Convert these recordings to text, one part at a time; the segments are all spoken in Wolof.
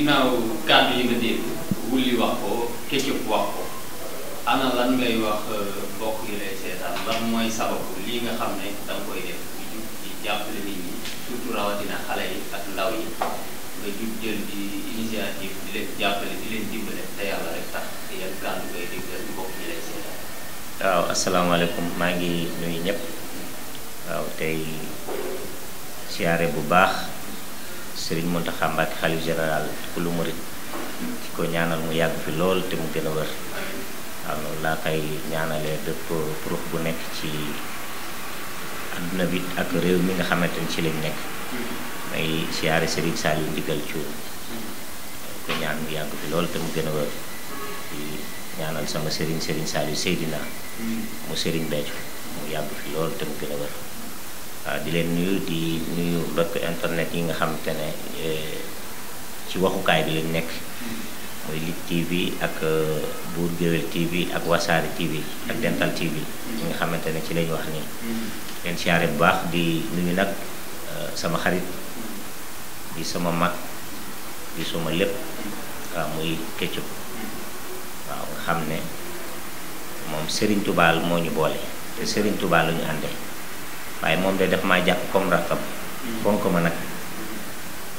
ginnaaw kàddu yi nga dégg wulli wax ko Ketchup wax ko ana ngay wax euh, mbokk yi lay seetaan lan mooy sababu lii nga xam ne da nga koy def di jub jàppale nit ñi surtout rawatina xale yi ak ndaw yi nga jub jël di initiative di leen jàppale di leen dimbale te yàlla rek tax yan kàddu ngay déggal mbokk yi lay seetaan. waaw asalaamaaleykum maa ngi nuyu ñëpp waaw tey siyaare bu baax. sëriñ Mountakha Mbacké xalif général ku lu murit ci ko ñaanal mu yàgg fi lool te mu gën a wër waaw noonu laa koy ñaanalee dëpp ruux bu nekk ci adduna bi ak réew mi nga xamante ni ci lañ nekk may siyaare sëriñ Saliou ndigal ci ko ñaan mu yàgg fi lool te mu gën a wër di ñaanal sama sëriñ sëriñ Saliou Seydina mu sëriñ Béthio mu yàgg fi lool te mu gën a wër Euh, di leen nuyu di nuyu mbokk internet yi nga xamante ne eh, ci waxukaay bi lañ nekk mooy Lutte TV ak euh, Bour Gueweul TV ak Wassare TV ak Dental TV yi nga xamante ne ci lañ wax nii leen siyaare bu baax di nuyu nag euh, sama xarit di sama mag di sama lépp waaw muy Ketchup waaw nga xam ne moom Serigne tubaal moo ñu boole te Serigne Touba la àndee waaye moom de def maa jàpp comme rakkam mm-hmm. ko ma nag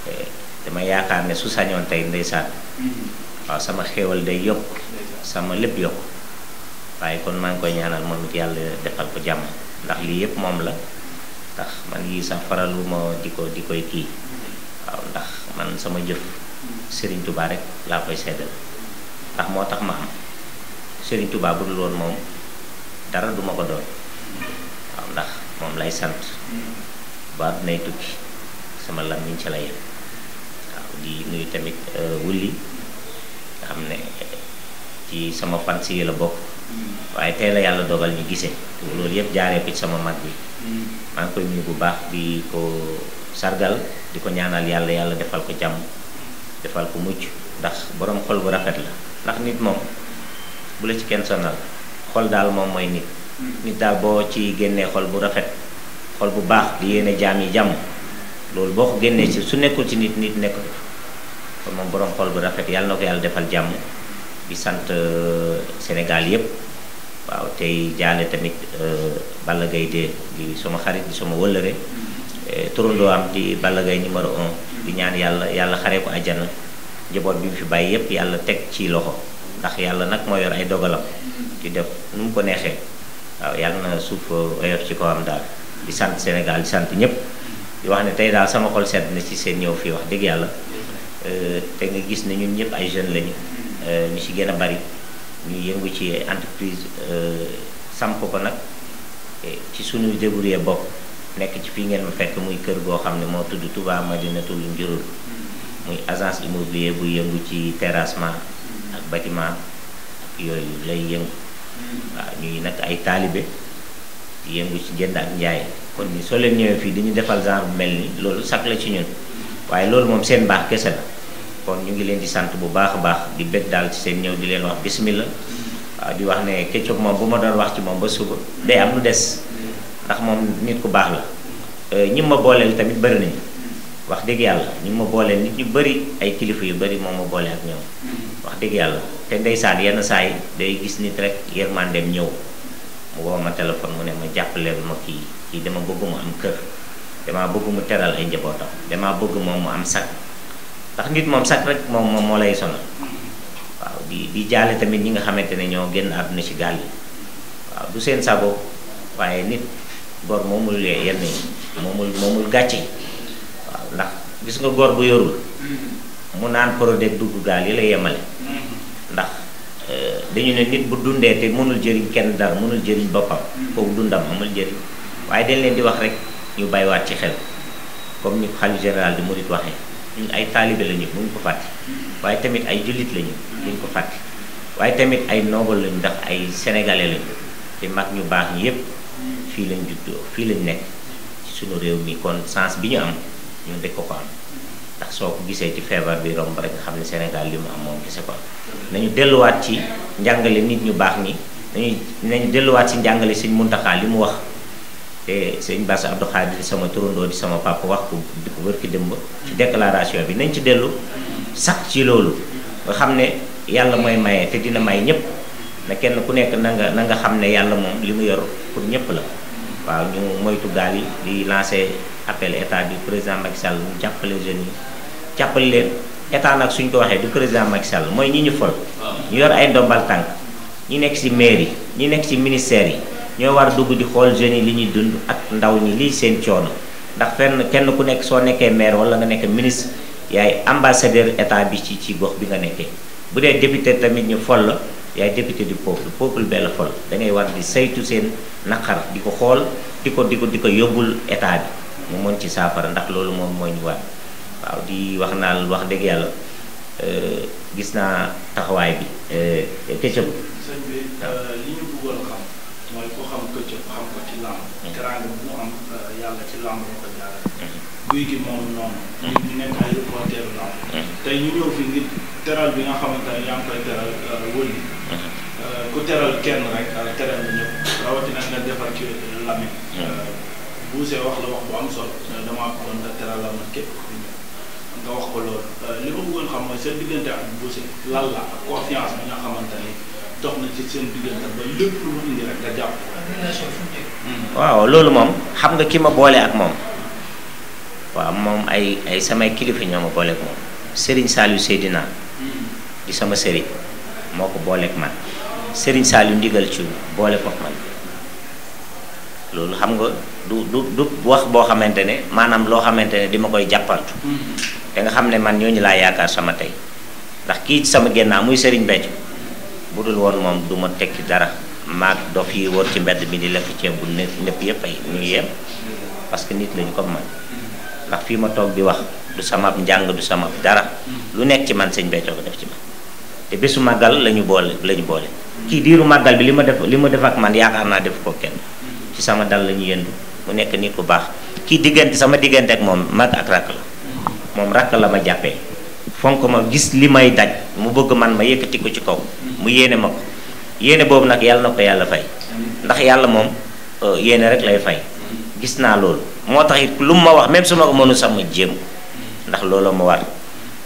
eh, dama yaakaar ne su sañoon tey ndeysaan mm-hmm. waaw sama xéewal day yokk sama lépp yokk waaye kon maa ngi koy ñaanal moom it yàlla defal ko jàmm ndax lii yëpp moom la ndax man yii sax lu ma di di koy kii mm-hmm. waaw ndax man sama jëf Serigne Touba rek laa koy seddal ndax moo tax ma am Serigne Touba bu dul woon moom dara duma ko doon waaw ndax moom lay sant ba nay tukki sama lam niñ ci la yem waaw di nuyu tamit euh, wulli nga xam ne ci sama fan si la bokk mm. waaye tey la yàlla dogal ñu gisee loolu yëpp jaaree ko sama mag bi mm. maa ngi koy nuyu bu baax di ko sargal di ko ñaanal yàlla yàlla defal ko jàmm defal ko mujj ndax borom xol bu rafet la ndax nit moom bu la ci kenn sonal xol daal moom mooy nit nit daal boo ci génnee xol bu rafet xol bu baax di yéene jaam yi jàmm loolu boo ko génnee ci su nekkul ci nit nit nekkul kon moom boroom xol bu rafet yàlla na yàlla defal jàmm di sant euh, Sénégal yépp waaw tey jaane tamit euh, Balla Gaye de di sama xarit di suma wëllëre euh, turandoo am di Balla Gaye numéro un di ñaan yàlla yàlla xaree ko àjjana njaboot bi mu fi bàyyi yépp yàlla teg ci loxo ndax yàlla nag moo yor ay dogalam di def nu mu ko neexee waaw yàlla na suuf oyof ci kawam daal di sant Sénégal di sant ñëpp di wax ne tey daal sama xol sedd na ci seen ñëw fii wax dëgg yàlla euh, te nga gis ne ñun ñëpp ay jeunes lañu euh, ñu ci gën a bari ñu yëngu ci entreprise euh, samp ko nag ci suñu débrouillé bokk nekk ci fii ngeen ma fekk muy kër goo xam ne moo tudd Touba Madinatul Njurul muy agence immobilier bu yëngu ci terrassement ak bâtiment ak yooyu lay yëngu waaw ñuy nag ay taalibe di yëngu ci jënd ak njaay kon ni soo leen ñëwee fii dañu defal genre bu mel ni loolu sax la ci ñun waaye loolu moom seen baax kese la kon ñu ngi leen di sant bu baax a baax di bég daal ci seen ñëw di leen wax bismillah waaw di wax ne Ketchup moom bu ma doon wax ci moom ba suba day am lu des ndax moom nit ku baax la ñi ma booleel tamit bëri nañu. wax dëgg yàlla ñu ma boole nit ñu bari ay kilifa yu bari moom ma boole ak ñoom mm-hmm. wax dëgg yàlla te ndeysaan yenn saa yi day gis nit rek yërmandeem ñëw mu woo ma téléphone mu ne ma jàppaleel ma kii kii dama bëgg mu am kër dama bëgg mu teral ay njabootam dama bëgg moom mu am sag ndax nit moom sag rek moom moom moo lay sonal mm-hmm. waaw tamit ñi nga xamante ne ñoo génn àdduna ci gaal yi waaw du seen sago waaye nit bor moomul yenn moomul moomul gàcce ndax gis nga góor bu yorul mm-hmm. mu naan produit dugg gaal yi la yemale mm-hmm. ndax euh, dañu ne nit bu dundee te mënul jëriñ kenn dara mënul jëriñ boppam foofu mm-hmm. dundam amul jëriñ waaye de leen di wax rek ñu bàyyiwaat ci xel comme ni xalifa général di murit waxee ñu ay taalibe la ñu bu ñu ko fàtte waaye tamit ay jullit la ñu ko fàtte waaye tamit ay noble lañu ndax ay sénégalais lañu te mag ñu baax ñi yépp fii lañ juddoo fii lañ nekk ci sunu réew mi kon sens bi ñu am ñu dëkk ko am ndax soo ko gisee ci feebar bi romb rek nga xam ne senegal li mu am moom gise ko am nañu delluwaat ci njàngale nit ñu baax ñi nañu nañu delluwaat ci njàngale si sëñ Muntaxa li mu wax te sëñ Bass Abdou Khadir sama turandoo di sama papa wax ko di ki dëmb ci déclaration bi nañ ci dellu sax ci loolu nga xam ne yàlla mooy maye te dina may ñëpp na kenn ku nekk na nga na nga xam ne yàlla moom li mu yor pour ñëpp la waaw ñu moytu gaal yi di lancé appel état bi président Macky Sall mu jàppale jeunes yi jàppale leen état nag suñ ko waxee du président Macky Sall mooy ñi ñu fol ñu yor ay ndombal tànk ñi nekk ci maire yi ñi nekk ci ministère yi ñoo war dugg di xool jeunes yi li ñuy dund ak ndaw ñi lii seen coono ndax fenn kenn ku nekk soo nekkee maire wala nga nekk ministre yaay ambassadeur état bi ci ci gox bi nga nekkee bu dee député tamit ñu fol yaay député du peuple peuple bee la fal da di saytu seen naqar di ko xool di ko di ko di ko yóbbul état bi mu mën ci saafara ndax loolu moom moo ñu war waaw di wax naal wax dëgg yàlla euh, gis naa taxawaay bi. Euh, këccëg. sëñ bi euh, li ñu bëggoon xam mooy ku xam këccëg xam ko ci làmb. Mm-hmm. teraanga mu am yàlla ci làmb la ko jaarale. Mm-hmm. guy gi moom noonu. ñu ñu nekk ay mm-hmm. bi nga xamante ne yaa ngi euh, mm-hmm. euh, kenn rek euh, teral na ñëpp rawatina nga defar ci Lamine. Mm-hmm. Bousse wax la wax ko loolu li xam mooy ak Bousse lan la ak bi nga xamante ni dox na ci seen waaw loolu moom xam nga ki ma boole ak moom. waaw moom ay ay samay kilifa ñoo ma booleeg moom Serigne Saliou Seydina di sama sëriñ moo ko booleek man Serigne yu ndigal ci boole ko man loolu xam nga du du du wax boo xamante ne maanaam loo xamante ne di ma koy jàppantu da nga xam ne man ñooñu laa yaakaar sama tey ndax kii sama génnaaw muy Serigne Béthio bu dul woon moom du ma tekki dara maag dof yi wër ci mbedd bi di lekk ceeb bu ne ñëpp yëpp ay ñu yem parce que nit lañu comme man ndax fii ma toog di wax du sama njàng du sama dara hmm. lu nekk ci man sëñ Béthio def ci man te bésu màggal lañu ñu boole la boole kii diiru màggal bi li ma def li ma def ak man yaakaar naa def ko kenn hmm. ci sama dal la ñu yëndu mu nekk nit ku baax kii diggante sama diggante ak moom mag ak rakk la hmm. moom rakk la ma jàppee fonk ma gis li may daj mu bëgg man ma yëkkati ko ci kaw mu yéene ma ko yéene boobu nag yàlla na ko yàlla fay ndax yàlla moom euh, yéene rek lay fay gis naa loolu moo tax it lu mu ma wax même su ma ko mënu sama jéem ndax looloo ma war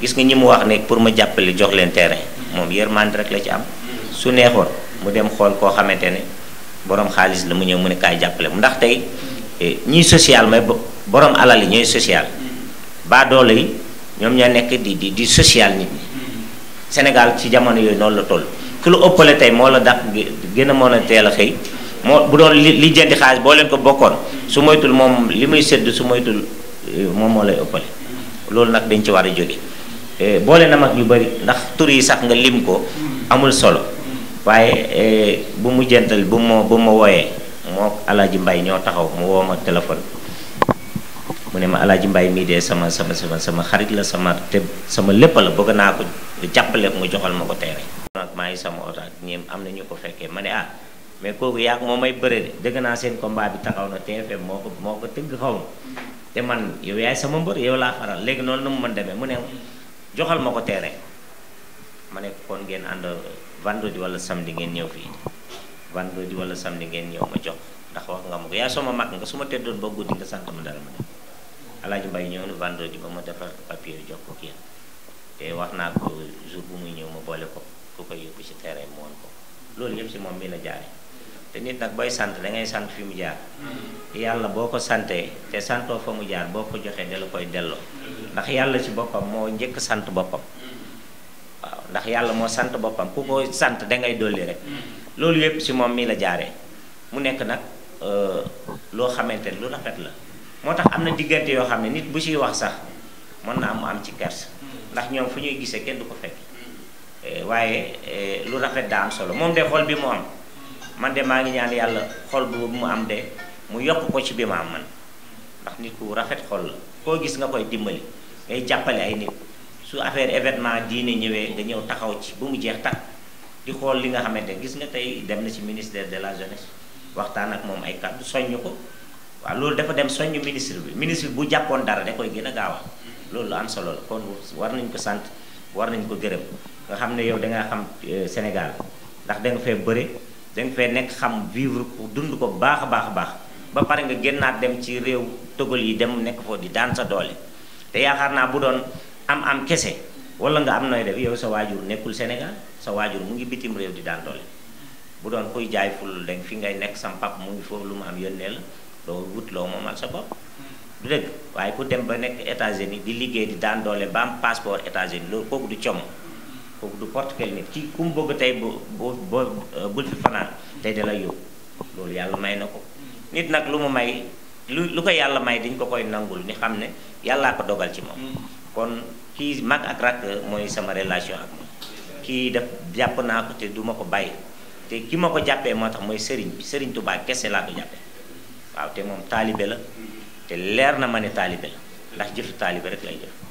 gis nga ñi mu wax ne pour ma jàppale jox leen terrain moom yërmande rek la ci am su neexoon mu dem xool koo xamante ne borom xaalis la mu ñëw mu ne kaay jàppale mu ndax tey eh, ñii social mooy borom alal yi ñooy social baa doole yi ñoom ñoo nekk di di di social nit ñi Sénégal ci jamono yooyu noonu la toll ki lu ëppale tey moo la dàq gën a mën a teel a xëy moo bu doon li li jëndi xaalis boo leen ko bokkoon su moytul moom li muy sédd su moytul eh, moom moo lay ëppale loolu nag dañ ci war a jóge eh, boole na mag yu bari ndax tur yi sax nga lim ko amul solo waaye eh, bu mu jëntal bu ma bu ma wooyee moo alaaji mbay ñoo taxaw mu woo ma téléphone mu ne ma alaaji mbay mii sama sama sama sama xarit la sama te sama lépp la bëgg naa ko jàppale mu joxal ma ko teere nag maa ngi sama oto ak ñeem am na ñu ko fekkee ma ne ah mais kooku yaag moo may bëre de dëgg naa seen combat bi taxaw na TFM moo ko moo ko tëgg xaw ma te man yow yaay sama mbër yow laa faral léegi noonu nu mu man demee mu ne joxal ma ko terrain ma nekk kon ngeen ànd vendredi wala samedi ngeen ñëw fii vendredi wala samedi ngeen ñëw ma jox ndax wax nga ma ko yaa sama mag nga su ma teddoon ba guddi nga sant ma dara ma def alaaji mbay ñëw na vendredi ba ma defar papier jox ko kii te wax naa ko jo bu muy ñëw ma boole ko ku koy yóbbu ci terrain loolu yëpp si moom mii la jaare te nit nag booy sant da ngay sant fi mu jaar yàlla boo ko santee te santoo fa mu jaar boo ko joxee da koy delloo ndax yàlla ci boppam moo njëkk sant boppam waaw ndax yàlla moo sant boppam ku ko sant da ngay dolli rek loolu yépp ci moom mii la jaaree mu nekk nag euh, loo xamante ne lu rafet la moo tax am na diggante yoo xam ne nit bu ciy wax sax mën na am mu am ci kers ndax ñoom fu ñuy gisee kenn du ko fekk eh, waaye eh, lu rafet daa am solo moom de xol bi mu am man de maa ngi ñaan yàlla xol bu mu am de mu yokk ko ci bi ma am man ndax nit ku rafet xol la koo gis nga koy dimbali ngay jàppale ay nit su affaire événement diine ñëwee nga ñëw taxaw ci ba mu jeex takk di xool li nga xamante gis nga tey dem na ci ministère de la jeunesse waxtaan ak moom ay kàddu soññ ko waaw loolu dafa dem soññ ministre bi ministre bu jàppoon dara da koy gën a gaawa loolu am solo la kon war nañ ko sant war nañ ko gërëm nga xam ne yow da xam euh, Sénégal ndax da fee bëre danga fee nekk xam vivre pour dund ko baax a baax a baax ba pare nga génnaat dem ci réew tëgal yi dem nekk foofu di daan sa doole te yaakaar naa bu doon am am kese wala nga am nooy def yow sa waajur nekkul Sénégal sa waajur mu ngi bitim réew di daan doole bu doon kuy jaay ful danga fi ngay nekk sam pap mu ngi foofu lu ma am yónnee la doo wut loo moomal sa bopp du dëgg waaye ku dem ba nekk États-Unis di liggéey di daan doole ba am passeport états kooku du com kooku du porte quel nit ci ku mu bëgg tey bu bu euh, bul fi fanaan tey da lay yóbbu loolu yàlla may na ko nit nag lu ma may lu ko yàlla may dañ ko koy nangul ni xam ne yàllaa ko dogal ci moom mm. kon kii mag ak rakk mooy sama relation ak moom kii def jàpp naa ko te du ma ko bàyyi te ki ma ko jàppee moo tax mooy sëriñ bi sëriñ Tuubaa kese laa ko jàppee waaw te moom taalibe la mm. te leer na ma ne taalibe la ndax jëfu taalibe rek lay jëf